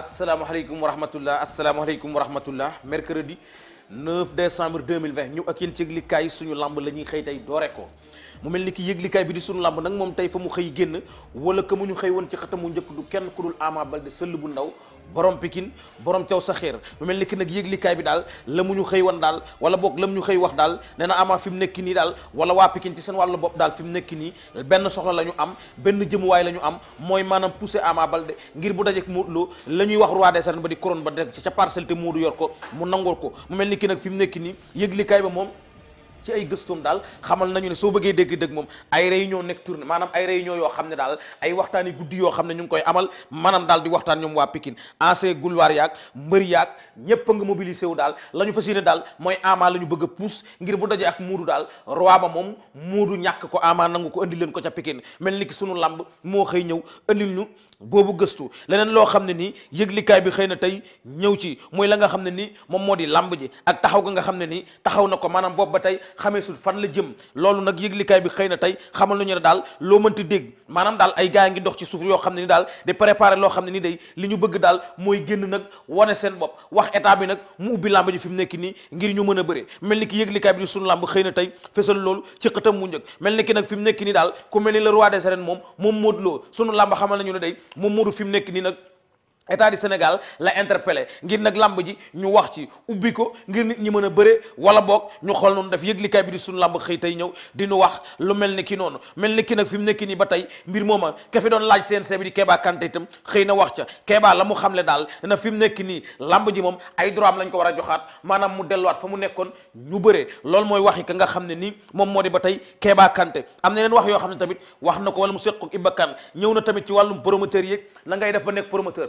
asalaamaaleykum wa rahmatullah asalaamaaleykum wa rahmatullah mercredi 9 décembre 2020 ñu ak yéen ci yëglikaay suñu làmb la ñuy xëy tey doore ko mu mel ni ki yëglikaay bi di suñu lamb nag moom tey fa mu xëy génn wala que mu ñu xëy woon ci mu njëkk du kenn ku dul Ama Baldé sëll bu ndaw borom pikin borom caw sa xeer mu mel ni ki nag yëglikaay bi daal la mu ñu xëy wan daal wala boog la mu ñu xëy wax daal nee amaa ama fi mu nekk nii daal wala waa pikin ci seen wàllu bopp daal fi mu nekk nii benn soxla la ñu am benn jëmuwaay la ñu am mooy maanaam pousser Ama Baldé ngir bu dajek Modou Lo la ñuy wax roi des arènes ba di couronne ba rek ca parcelle te Modou yor ko mu nangul ko mu mel ni ki nag fi mu nekk nii yëglikaay ba moom ci ay gëstoom daal xamal nañu ne soo bëggee dégg dég moom ay réunion nocturne maanaam ay réunion yoo xam ne daal ay waxtaani guddi yoo xam ne ñu ngi koy amal maanaam daal di waxtaan ñoom waa Pikine ancien gulwaar yaag mbër yaag ñépp a nga mobilisé wu daal la ñu fas ne daal mooy Ama la ñu bëgg a pousse ngir bu dajee ak Moodu daal roi ba moom Moodu ñàkk ko Ama nangu ko indi leen ko ca Pikine mel ni ki sunu lamb moo xëy ñëw indil ñu boobu gëstu leneen loo xam ne nii yëglikaay bi xëy na tey ñëw ci mooy la nga xam ne ni moom moo di lamb ji ak taxaw ga nga xam ne nii taxaw na ko maanaam ba tey xameesul fan la jëm loolu nag yëglikaay bi xëy na tey xamal nañu ne daal loo mënti dégg maanaam daal ay gars ngi dox ci suuf yoo xam ne ni daal di préparer loo xam ne ni day li ñu bëgg daal mooy génn nag wane seen bopp wax état bi nag mu ubbi làmb ji fi mu nekk nii ngir ñu mën a bëre mel ni ki yëglikaay bi di sunu làmb xëy na tey fesal loolu ci xëtam mu njëkk mel ni ki nag fi mu nekk nii daal ku mel ni le roi des arènes moom moom Modou Lo ne day moom Modou fi mu nekk nii nag état di Sénégal la interpellé ngir nag lamb ji ñu wax ci ubbi ko ngir nit ñi mën a bëre wala boog ñu xool noonu daf yëglikaay bi di suñu lamb xëy tey ñëw di ñu wax lu mel ni ki noonu mel ni ki nag fi mu nekki nii ba tey mbir mooma ka doon laaj CNG bi di Kéba itam xëy na wax ca Kéba la mu xamle daal na fi mu nekki nii lamb ji moom ay droit am lañ ko war a joxaat maanaam mu delluwaat fa mu nekkoon ñu bëre lool mooy waxi ka nga xam ne nii moom moo di ba tey Kéba kante am na leen wax yoo xam ne tamit wax na ko wala mu seq ko Iba Kane ñëw na tamit ci wàllum promoteur yeeg na ngay def ba nekk promoteur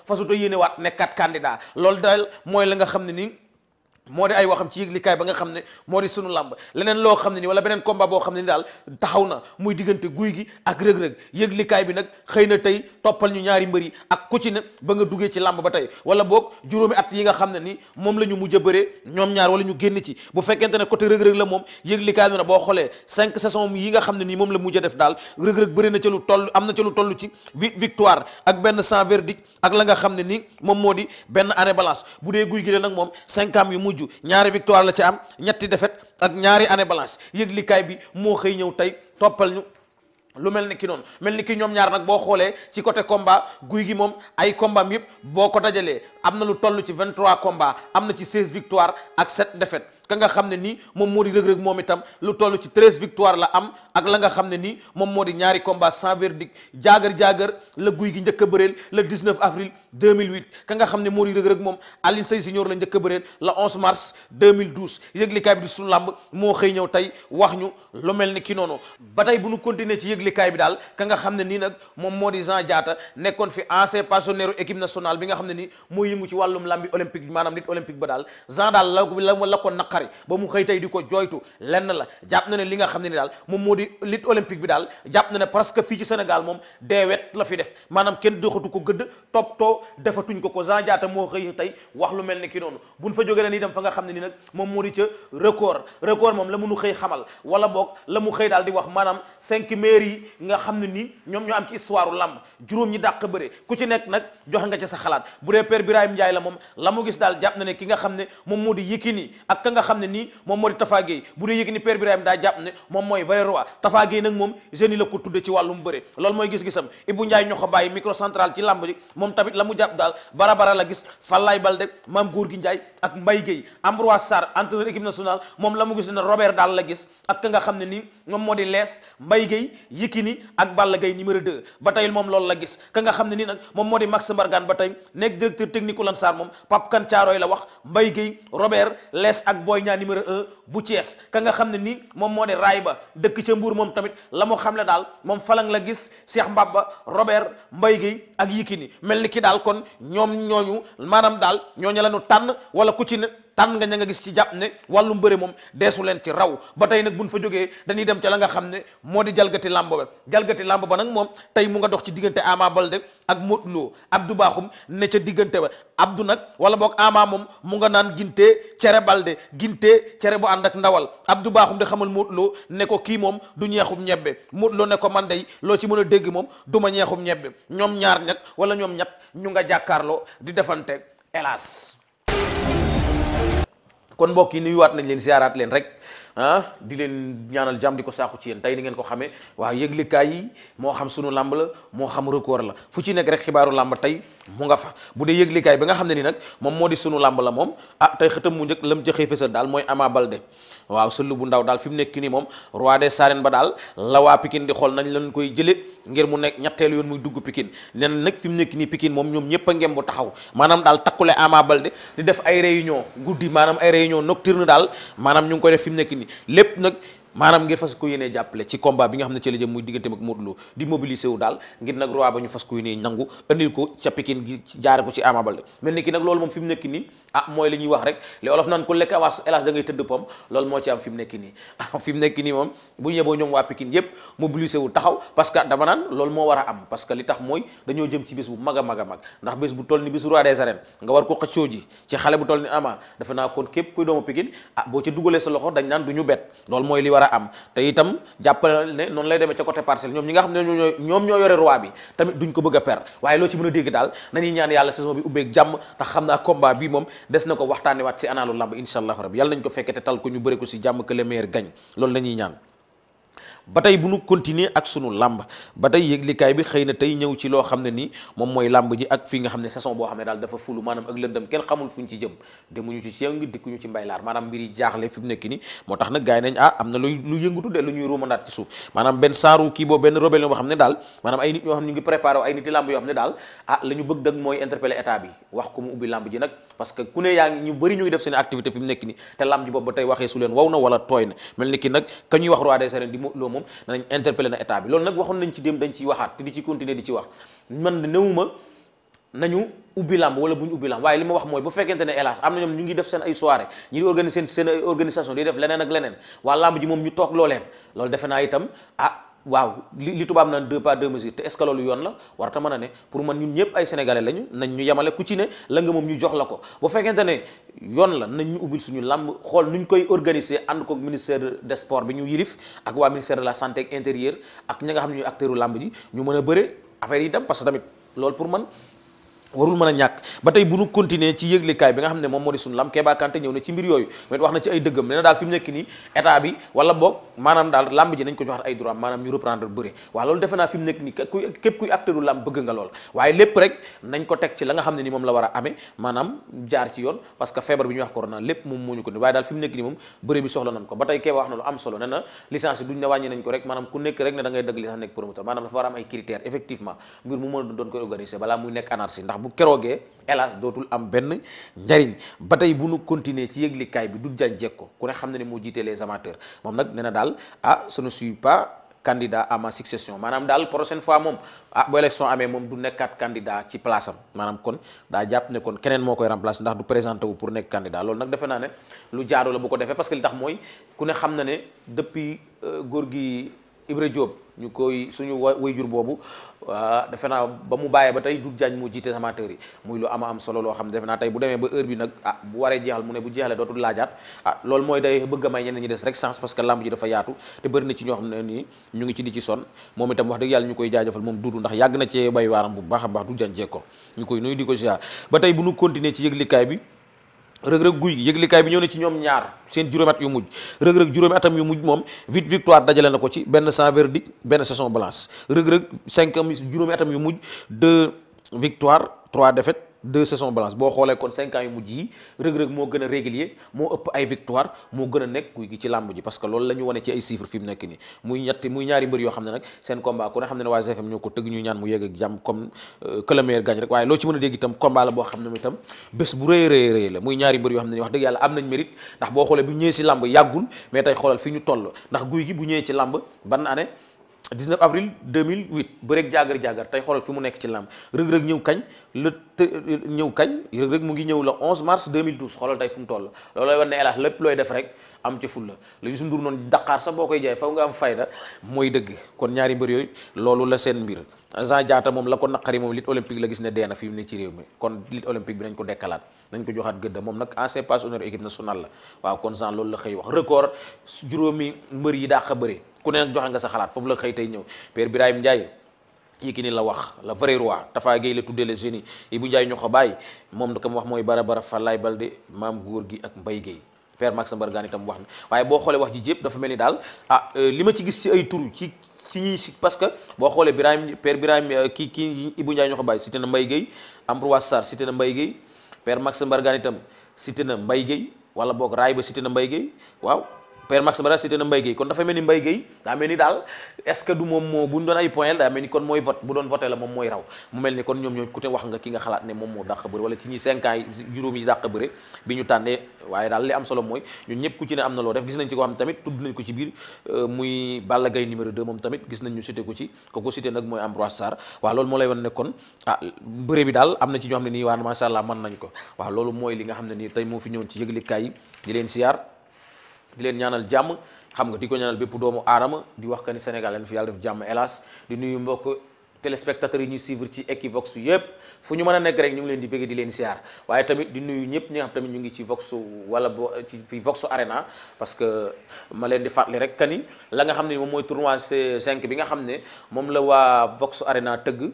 fasutoo yéene waat nekkaat candidat loolu daal mooy la nga xam ne ni moo di ay waxam ci yëglikaay ba nga xam ne moo di sunu làmb leneen loo xam ne ni wala beneen combat boo xam ne ni daal taxaw na muy diggante guy gi ak rëg-rëg yëglikaay bi nag xëy na tey toppal ñu ñaari mbër yi ak ku ci ne ba nga duggee ci làmb ba tey wala boog juróomi at yi nga xam ne ni moom la ñu mujj bëree ñoom ñaar wala ñu génn ci bu fekkente ne côté rëg-rëg la moom yëglikaay bi nag boo xoolee cinq saison yi nga xam ne nii moom la mujj a def daal rëg-rëg bëri na ca lu toll am na ca lu toll ci victoire ak benn sans verdict ak la nga xam ne ni moom moo di benn année balance bu dee guy gi la nag moom cinq ans mujj mujj ñaari victoire la ci am ñetti defet ak ñaari année balance yëglikaay bi moo xëy ñëw tey toppal ñu lu mel ni ki noonu mel ni ki ñoom ñaar nag boo xoolee ci côté komba guy gi moom ay combat yëpp boo ko dajalee am na lu toll ci 23 combats am na ci 16 victoires ak 7 défaites ka nga xam ne nii moom moo di rëg-rëg moom itam lu toll ci 13 victoires la am ak la nga xam ne nii moom moo di ñaari combats sans verdict jaagar jaagar la guy gi njëkk a bëreel le 19 avril 2008 ka nga xam ne moo di rëg-rëg moom Alioune Seye Junior la njëkk a bëreel le 11 mars 2012 yëglikaay bi di suñu làmb moo xëy ñëw tey wax ñu lu mel ni ki noonu ba tey bu ñu continuer ci yëglikaay bi daal ka nga xam ne nii nag moom moo di Jean jaata nekkoon fi ancien pensionnaire équipe nationale bi nga xam ne nii yëngu ci wàllum lambi olympique maanaam nit olympique ba daal gen daal la ko naqari ba mu xëy tey di ko jooytu lenn la jàpp na ne li nga xam ne ni daal moom moo di lit olympique bi daal jàpp na ne parce que fii ci ko gëdd toppatoo defatuñ ko ko gen jaata wax lu mel ni ki noonu buñ fa jógee ne ni dem xam ne ni nag moom moo di ca record record moom la munu xëy xamal wala boog la mu xëy daal di wax maanaam cinq maires yi nga xam ne nii ñoom ñoo am ci histoire lamb juróom ñi dàq bëre ku ci nekk nag joxe nga ci sa xalaat bu dee père Ibrahima Ndiaye la moom la mu gis daal jàpp na ne ki nga xam ne moom moo di Yékini ak ka nga xam ne nii moom moo di jàpp ne moom mooy vrai roi Tafa Gueye nag moom génie la ko tudde ci wàllum la mu jàpp daal barabara la gis Fallaye Balde Maam Góor gi Ndiaye ak Mbaye Gueye Ambroise Sarr entraîneur équipe nationale moom la mu gis ne Robert daal la gis ak ka nga xam ne nii moom moo di lees Mbaye Gueye Yékini ak Balla Gaye numéro 2 ba tey moom loolu la gis ka nga xam ne nii nag moom moo di Max Mbargane ba tey Nicolas Sarr moom Pape Kan Caaroy la wax Mbaye Guèye Robert lees ak booy Niang numéro un bu cees ka nga xam ne ni moom moo ne raay ba dëkk ca mbuur moom tamit la mu xam ne daal moom falang la gis Cheikh ba Robert mbay Guèye ak Yékini mel ni ki daal kon ñoom ñooñu maanaam daal ñooñu la tànn wala ku ci ne tànn nga ña nga gis ci jàpp ne wàllu mbëre moom deesu leen ci raw ba tey nag bu buñ fa jógee dañuy dem ca la nga xam ne moo di jalgati làmb ba jalgati ba nag moom tey mu nga dox ci diggante Ama Baldé ak Modou Lo Abdou Bakhoum ne ca diggante ba Abdou nag wala boog Ama moom mu nga naan gintee cere balde gintee cere bu ànd ak ndawal Abdou baaxum de xamal Modou Lo ne ko kii moom du ñeexum ñebbe Modou Lo ne ko man dey loo ci mën a dégg moom du ma ñeexum ñebbe ñoom ñaar ñag wala ñoom ñett ñu nga jàkkaarloo di defante hélas kon mbokk yi nuyuwaat nañ leen siyaaraat leen rek ah di leen ñaanal jàmm di ko saaku ci yéen tey ni ngeen ko xamee waaw yëglikaay yi moo xam sunu làmb la moo xam record la fu ci nekk rek xibaaru làmb tey mu nga fa bu dee yëglikaay ba nga xam ne ni nag moom moo di sunu làmb la moom ah tey xëtam mu njëkk lam ca xëy fësal daal mooy Ama Baldé waaw sëllu bu ndaw daal fi mu nekk nii moom roi des ba daal la waa Pikine di xool nañ leen koy jële ngir mu nekk ñetteelu yoon muy dugg Pikine nen nag fi mu nekk nii Pikine moom ñoom ñëpp a ngem taxaw maanaam daal takkule Ama Baldé di def ay réunion guddi maanaam ay maanaam ñu ngi koy nekk ni lépp nag maanaam ngir fas ko yéene jàppale ci combat bi nga xam ne ci la jëm muy diggante ak Modou Lo di mobiliser wu daal ngir nag roi ba ñu fas ko yéene nangu andil ko ca Pikine jaare ko ci Ama Baldé mel ah, moo ah, que dama naan loolu moo war a am parce que li tax mooy dañoo jëm ci bés bu mag a mag a mag ndax bés bu toll ni bésu roi des arènes nga war ko xëccoo ji ci xale bu toll ni Ama dafa naa kon képp kuy doomu Pikine ah boo ca dugalee sa loxo dañ naan du bet loolu mooy li war war a am te itam jàppal ne noonu lay demee ca côté parcelle ñoom ñoo ñoom ñoo yore roi bi tamit duñ ko bëgg a per waaye loo ci mën a dégg daal nañuy ñaan yàlla saison bi ubbeeg jàmm ndax xam naa combat bi moom des na ko waxtaane waat si anaalu lamb insha allahu rabbi yàlla nañ ko fekkee te tal ñu bëre ko si jàmm que le meilleur loolu la ñaan ba tey bu nu continuer ak sunu làmb ba tey yëglikaay bi xëy na tey ñëw ci loo xam ne nii moom mooy làmb ji ak fii nga xam ne saison boo xam ne daal dafa fulu maanaam ak lëndëm kenn xamul fuñ ci jëm demuñu ci ceew ngi dikkuñu ci mbaylaar maanaam mbir jaaxle fi mu nii moo tax nag gaay ah, ne nit ñoo xam ne nit ah, la ñu bëgg dag mooy interpeller état bi wax ko mu ubbi làmb ji nag parce que ku ne yaa ngi ñu bëri ñu def seen activité fi mu nii te làmb ji boobu tey wax moom danañ interpellé na état bi loolu nag waxoon nañ ci dem dañ ciy waxaat te di ci continuer di ci wax man newuma nañu ubbi làmb wala bu ñu ubbi làmb waaye li ma wax mooy bu fekkente ne hélas am na ñoom ñu ngi def seen ay soirée ñu di organiser seen ay organisation di def leneen ak leneen waa làmb ji moom ñu toog looleen loolu defe naa itam ah waaw li li tubaab naan deux pas deux mesures te est loolu yoon la warata mën a ne pour man ñun ñëpp ay sénégalais lañu nañ ñu yemale ku ci ne la nga moom ñu jox la ko bu fekkente ne yoon la nañ ñu ubbil suñu làmb xool nuñ koy organiser ànd ko ministère des sports bi ñu yilif ak waa ministère la santé ak intérieur ak ñi nga xam ne ñu acteuru làmb ji ñu mën a bëre affaire yi dem parce que tamit lool pour man warul mën a ñàkk ba tey bu nu continuer ci yëglikaay bi nga xam ne moom moo di sunu lam Keba ñëw na ci mbir yooyu mais wax na ci ay dëggam nee na daal fi nekk nii état kuy acteur du bëgg nga lool waaye lépp rek nañ ko teg ci la nga xam ne ni moom la war a amee maanaam jaar ci yoon parce feebar bi ñuy wax corona lépp moom moo ñu ko ni waaye daal fi mu nekk nii moom bëre bi soxla nañ ko ba tey Keba wax na lu am solo nee na licence duñ bu keroogee hélas dootul am benn njariñ ba tey bu nu continuer ci yëglikaay bi du jànjeek ko ku ne xam ne ne moo jiitee les amateurs moom nag ne na daal ah su ne suis pas candidat à ma succession maanaam daal prochaine fois moom ah bu élection amee moom du nekkaat candidat ci place maanaam kon daa jàpp ne kon keneen moo koy remplacer ndax du présenté wu pour nekk candidat loolu nag defe naa ne lu jaadu la bu ko defee parce que li tax mooy ku ne xam na ne depuis euh, góor gi Ibra Diop ñu koy suñu wayjur boobu defe naa ba mu bàyyee ba tey du jaañ moo jiite amateurs yi muy lu ama am solo loo xam ne defe naa tey bu demee ba heure bi nag ah bu waree jeexal mu ne bu jeexalee dootul laajaat ah loolu mooy day bëgg a may ñeneen ñi des rek chance parce que lamb ji dafa yaatu te bëri ci ñoo xam ne nii ñu ngi ci di ci son moom itam wax dëgg yàlla ñu koy jaajëfal moom duudu ndax yàgg na cee waaram bu baax a jaañ jekko rëg-rëg guy gi yëglikaay bi ñëw na ci ñoom ñaar seen juróomi at yu mujj rëg-rëg juróomi atam yu mujj moom huit victoire dajale na ko ci benn sans verdict benn saison blanche rëg-rëg cinq juróomi atam yu mujj deux victoire trois défaites deux saisons balance boo xoolee kon cinq ans yu mujj yi rëg-rëg moo gën a régulier moo ëpp ay victoire moo gën a nekk guy gi ci làmb ji parce que loolu la ñu wane ci ay chiffres fi mu nekk nii muy ñetti muy ñaari mbër yoo xam ne nag seen combat ku a xam ne ne euh, waaye loo ci mën a dégg itam combat la boo xam ne mu itam bés bu rëy rëy rëy la muy ñaari mbër yoo xam ne wax dëgg yàlla am nañ mérite ndax boo xoolee bu ñëwee si làmb yàggul mais tey xoolal fi ñu toll ndax guy gi 19 avril 2008 bëreeg jaagar jaagar tey xoolal fu mu nekk ci làmb rëg-rëg ñëw kañ le ñëw kañ rëg-rëg mu ngi ñëw le 11 mars 2012 xoolal tey fu mu toll loolu lay wan ne hélas lépp looy def rek am ca fulla la Youssou Ndour noonu daqaar sax boo koy jaay faw nga am fayda mooy dëgg kon ñaari mbër yooyu loolu la seen mbir Jean Diatta moom la ko naqari moom lutte olympique la gis ne dee na fi mu ne ci réew mi kon lutte olympique bi nañ ko dekkalaat nañ ko joxaat gëdda moom nag ancien passe honneur équipe nationale la waaw kon Jean loolu la xëy wax record juróomi mbër yi dàq bëri ku ne joxe nga sa xalaat foofu la xëy tey ñëw Père Birahim Ndiaye Yékini la wax la vrai roi Tafa Gueye la tuddee le génie Ibou bu ñu ko bàyyi moom da ko wax mooy bara bara Falaye Balde maam góor gi ak Mbaye Gueye père Max Mbargane itam wax na waaye boo xoolee wax ji jépp dafa mel ni daal ah euh, li ma ci gis ci ay tur ci ci ñuy si parce que boo xoolee Birahim père Birahim euh, kii kii Ibou Ndiaye ñoo ko bàyyi cité na Mbaye Guèye Ambroise Sarr cité na Mbaye Guèye père Max Mbargane itam cité na mbay Guèye wala boog raay ba cité na Mbaye Guèye waaw père Max Mara cité na Mbaye Gueye kon dafa mel ni Mbaye Gueye daa mel ni daal est-ce que du moom moo bu ñu doon ay point daa mel ni kon mooy moom mooy raw mu mel ni kon ñoom ñu tànnee li am solo mooy ñun ñëpp ku ci ne am na loo def gis nañ ci ko tamit tudd nañ ko ci biir euh, tamit gis nañ ñu cité ko ci ko ko cité nag mooy Ambroise Sarr waaw loolu moo lay wan ne kon ah bëre bi am na ci waa masha Allah mën nañ ko waaw loolu mooy li nga xam ne nii tey moo fi ñëwoon ci yëglikaay yi leen siyaar di leen ñaanal jàmm xam nga di ko ñaanal bépp doomu aadama di wax que ni Sénégal leen fi yàlla def jàmm hélas di nuyu mbokk téléspectateurs yi ñu suivre ci Equivox yëpp fu ñu mën a nekk rek ñu ngi leen di bëgg di leen siyaar waaye tamit di nuyu ñëpp ñi nga xam tamit ñu ngi ci Vox wala bo ci fi Vox parce que ma leen di fàttali rek que ni la nga xam ne moom mooy tournoi c bi nga xam ne moom la waa Vox Arena tëgg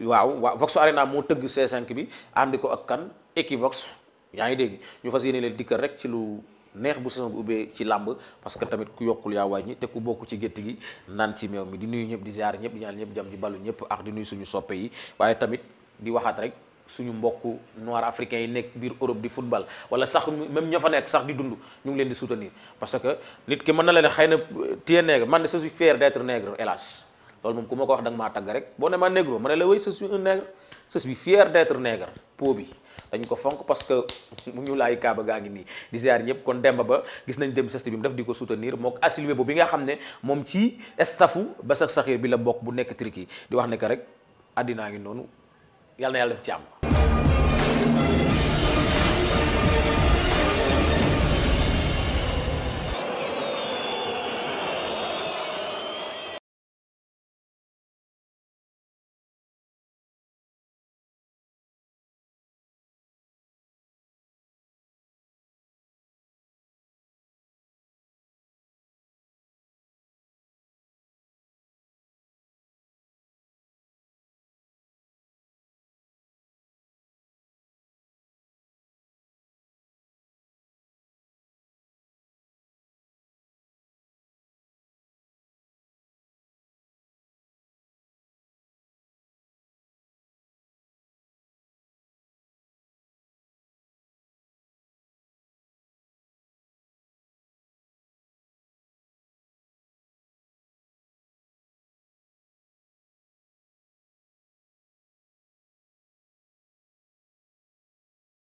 waaw waa Vox Arena moo tëgg C5 bi ànd ko ak kan Equivox yaa ngi dégg ñu fas yéene leen dikkal rek ci lu. neex bu saison bi ubbee ci làmb parce que tamit ku yokkul yaa wàññi te ku bokk ci gétt gi naan ci meew mi di nuyu ñëpp di ziar ñëpp di ñaan ñëpp jàmm di balu ñëpp ak di suñu soppe yi waaye tamit di waxaat rek suñu mbokk noir africain yi nekk biir Europe di football wala sax même ña fa nekk sax di dund ñu ngi leen di soutenir parce que nit ki mën na leen xëy na euh, téye nègre man de je suis fier d'être nègre hélas loolu moom ku ma ko wax da nga maa tagg rek boo ne ma négro ma ne la wéy je suis un nègre je suis fier d'être nègre po bi dañ ko fonk parce que mu ñu laay kaaba gaa ngi nii di ziar ñëpp kon demba ba gis nañ dem sest bi mu def di ko soutenir mook asil webo bi nga xam ne moom ci stafu ba sax saxiir bi la bokk bu nekk Turquie di wax ne que rek addinaa ngi noonu yàlla na yàlla def ci am